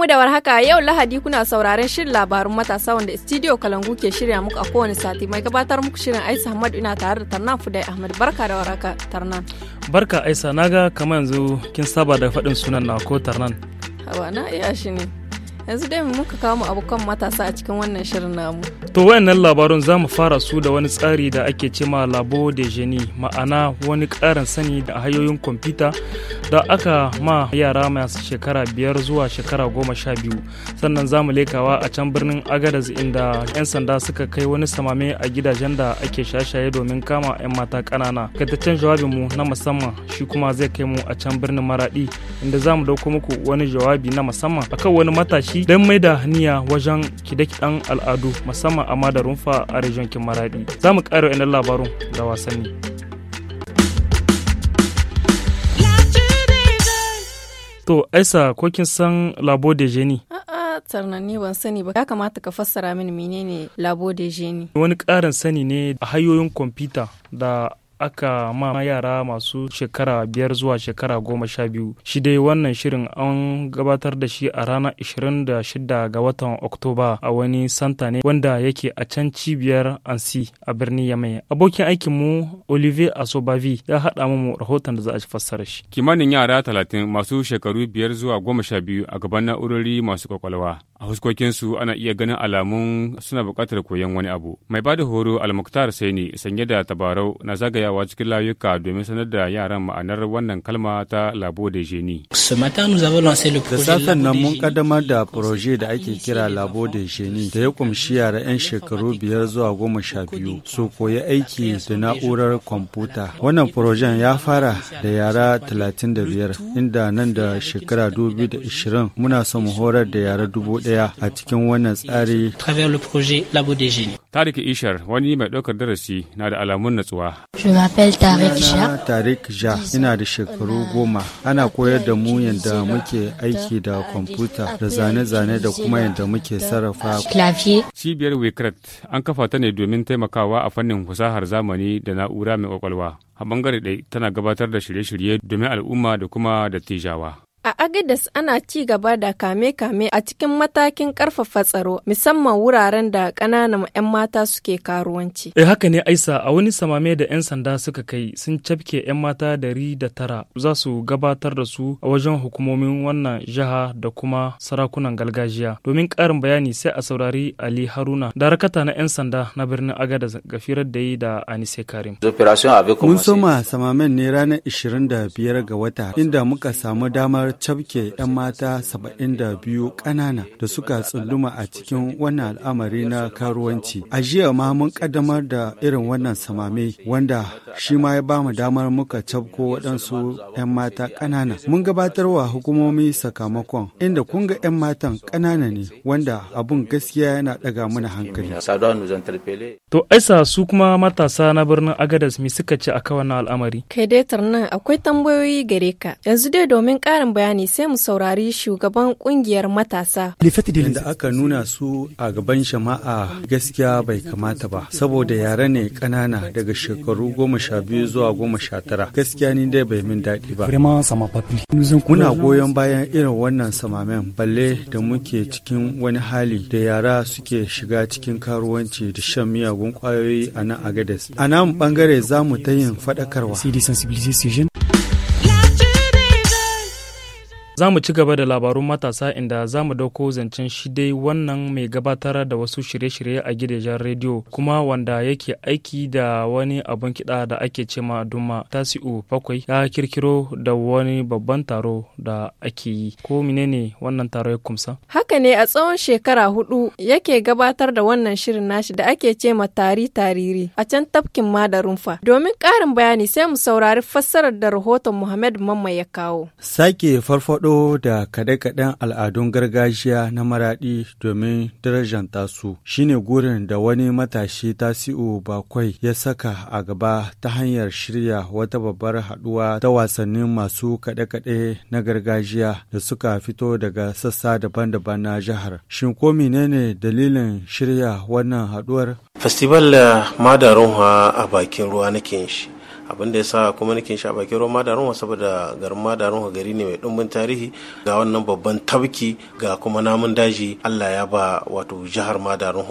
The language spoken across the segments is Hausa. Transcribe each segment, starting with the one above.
mu da warhaka yau Lahadi kuna sauraron shirin labarun matasa wanda Studio Kalangu ke shirya muku a kowane sati mai gabatar muku shirin aisa Ahmad ina tare da Tarnan Fudai Ahmad barka da warhaka Tarnan. Barka na naga kamar yanzu kin saba da faɗin sunan na ko Tarnan. Hawa na iya shi ne. yanzu dai mu muka kawo mu abokan matasa a cikin wannan shirin namu. To wayannan labarun za mu fara su da wani tsari da ake cema labo de geni ma'ana wani ƙarin sani da hanyoyin kwamfuta da aka ma yara masu shekara biyar zuwa shekara goma sha biyu. Sannan za mu lekawa a can birnin Agadez inda 'yan sanda suka kai wani samame a gidajen da ake shashaye domin kama 'yan mata ƙanana. Kaitaccen jawabinmu na musamman shi kuma zai kai mu a can birnin Maraɗi inda za mu dauko muku wani jawabi na musamman akan wani matashi don mai da niyya wajen kidakidan al'adu musamman a rumfa a region Maradi. Za mu ƙara labarun da wasanni. To, Aisa, ko kin san labo de jeni? A'a, tarnan ban sani ba. Ya kamata ka fassara mini menene labo de jeni. Wani ƙarin sani ne a hanyoyin kwamfuta da aka ma yara masu shekara biyar zuwa shekara goma sha biyu shi dai wannan shirin an gabatar da shi a ranar da shida ga watan oktoba a wani santa ne wanda yake a can cibiyar ansi a birnin yamai abokin aikinmu olivier asobavi ya haɗa mu rahoton da za a fassara shi kimanin yara talatin masu shekaru biyar zuwa goma sha biyu a gaban na'urori masu kwakwalwa a huskokinsu ana iya ganin alamun suna buƙatar koyon wani abu mai bada horo almuktar sai ne sanye da tabarau na zagayawa cikin layuka domin sanar da yaran ma'anar wannan kalma ta labo da jeni da safen nan mun kaddamar da proje da ake kira labo da jeni da ya kumshi yara 'yan shekaru biyar zuwa goma sha biyu su koyi aiki da na'urar kwamfuta wannan projen ya fara da yara biyar. inda nan da shekara 2020 muna son horar da yara dubu daya a cikin wannan tsari. Tarik Ishar wani mai ɗaukar darasi na da alamun natsuwa. Tarik Ja ina da shekaru goma ana koyar da mu yadda muke aiki da kwamfuta da zane-zane da kuma yadda muke sarrafa. Cibiyar Wikret an kafa ta ne domin taimakawa a fannin fasahar zamani da na'ura mai kwakwalwa. A bangare ɗaya tana gabatar da shirye-shirye domin al'umma da kuma da tijawa. A Agadas ana ci gaba da kame-kame a cikin matakin karfafa tsaro musamman wuraren da ƙananan 'yan mata suke karuwanci. e haka ne Aisa a wani samame da 'yan sanda suka kai sun cafke 'yan mata dari da tara za su gabatar da su a wajen hukumomin wannan jiha da kuma sarakunan gargajiya. Domin karin bayani sai a saurari Ali Haruna darakata na 'yan sanda na birnin Agadas ga firar da yi da Anise Karim. Mun soma samamen ne ranar 25 ga wata inda muka samu damar cafke 'yan mata 72 ƙanana da suka tsunduma a cikin wannan al'amari na karuwanci. A jiya ma mun ƙaddamar da irin wannan samame wanda shi ma ya bamu damar muka cafko waɗansu 'yan mata ƙanana. Mun gabatar wa hukumomi sakamakon inda kun ga 'yan matan ƙanana ne wanda abun gaskiya yana ɗaga mana hankali. To aisa su kuma matasa na birnin Agadas mi suka ce a wannan al'amari? Kai dai nan akwai tambayoyi gare ka. Yanzu dai domin ƙarin bayani sai mu saurari shugaban kungiyar matasa. Dalilin da aka nuna su a gaban jama'a gaskiya bai kamata ba, saboda yare ne ƙanana daga shekaru goma sha biyu zuwa goma sha tara. Gaskiya ni dai bai min daɗi ba. Muna goyon bayan irin wannan samamen balle da muke cikin wani hali da yara suke shiga cikin karuwanci da shan miyagun kwayoyi a nan Agades. A nan bangare za mu ta yin faɗakarwa. Za mu ci gaba da labarun matasa inda za mu dauko zancen shi dai wannan mai gabatar da wasu shirye-shirye a gidajen rediyo kuma wanda yake aiki da wani abun kiɗa da ake cema Duma Tasi'u Fakwai ya kirkiro da wani babban taro da ake yi. Ko menene wannan taro ya kumsa? Haka ne a tsawon shekara hudu yake gabatar da wannan shirin nashi da ake ce ma tari tariri a can tafkin madarin rumfa Domin karin bayani sai mu saurari fassarar da rahoton Muhammad Mamma ya kawo. Sake farfado da kade kaden al'adun gargajiya na maraɗi domin darajanta tasu shine gurin da wani matashi tasi'u bakwai ya saka a gaba ta hanyar shirya wata babbar haduwa ta wasannin masu kade kade na gargajiya da suka fito daga sassa daban-daban na jihar. Shin ko menene dalilin shirya wannan haduwar? Festival eh, Madarun a bakin ruwa nake shi. abin da ya sa kuma nake sha bakin ruwan madarun saboda garin madarun gari ne mai ɗumbin tarihi ga wannan babban tabki ga kuma namun daji Allah ya ba wato jihar madarun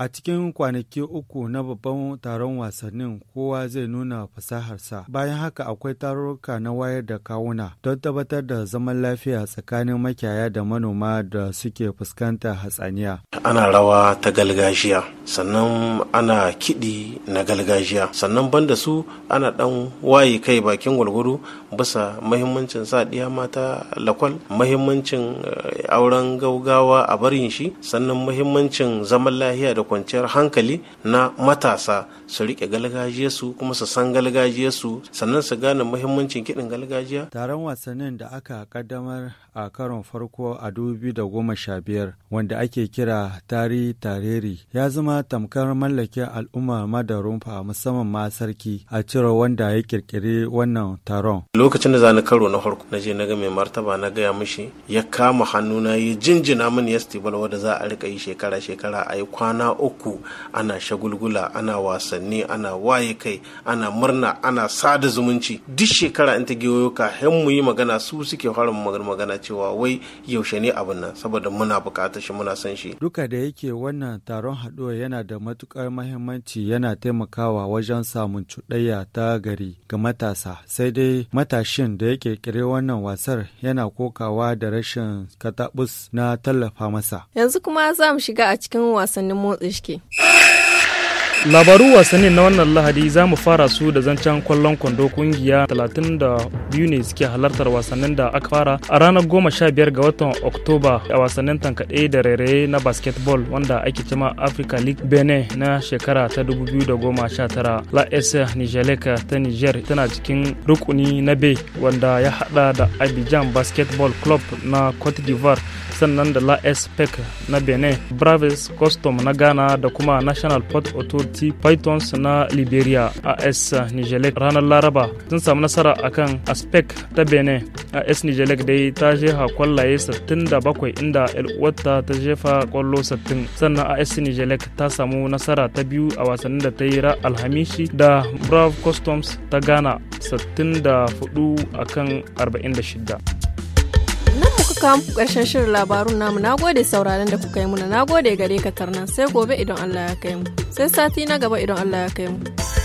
A cikin kwanaki uku na babban taron wasannin kowa zai nuna fasaharsa. Bayan haka akwai tarurruka na wayar da kawuna don tabbatar da zaman lafiya tsakanin makiyaya da manoma da suke fuskanta hatsaniya. Ana rawa ta galgajiya, sannan ana kiɗi na galgajiya, sannan banda su ana ɗan waye kai bakin gwalgwaro bisa mahimmancin sa ɗiya mata lakwal, mahimmancin eh, auren gaugawa a barin shi, sannan mahimmancin zaman lafiya da kwanciyar hankali na matasa su riƙe galgajiyarsu kuma su san galgajiyarsu sannan su gane muhimmancin kiɗin galgajiya. Taron wasannin da aka kaddamar a karon farko a da sha biyar wanda ake kira tari tareri ya zama tamkar mallakin al'ummar fa musamman ma sarki a cire wanda ya kirkiri wannan taron. Lokacin da zani karo na farko na je na ga mai martaba na gaya mishi ya kama hannuna ya jinjina mini ya stibal wanda za a rika yi shekara shekara a yi kwana uku ana shagulgula ana wasanni ana waye kai ana murna ana sada zumunci duk shekara in ta gewayo ka mu yi magana su suke fara magana cewa wai yaushe ne abin nan saboda muna bukatar shi muna san shi duka da yake wannan taron haɗuwa yana da matukar mahimmanci yana taimakawa wajen samun cuɗayya ta gari ga matasa sai dai matashin da yake kire wannan wasar yana kokawa da rashin katabus na tallafa masa yanzu kuma za mu shiga a cikin wasannin motsa Brzezinski. labaru wasanni na wannan lahadi za mu fara su da zancen kwallon kwando kungiya 32 ne suke halartar wasannin da aka fara a ranar goma sha biyar ga watan oktoba a wasannin tankaɗe da rairaye na basketball wanda ake cima africa league bene na shekara ta 2019 la s nijeleka ta niger tana cikin rukuni na bay wanda ya hada da abijan basketball club na cote d'ivoire sannan da la s e na bene braves custom na ghana da kuma national port city pythons na liberia as Nijelek ranar laraba sun samu nasara akan aspec ta benin as Nijelek dai ta jefa kwallaye 67 inda Elwata ta jefa kwallo 60 sannan as Nijelek ta samu nasara ta biyu a wasannin da ta yi ra alhamishi da brave customs ta ghana 64 akan 46 kuka kawo muku ƙarshen shirin labarun namu na gode sauraron da kuka yi muna na gode gare ka tarnan sai gobe idan Allah ya kai mu sai sati na gaba idan Allah ya kai mu.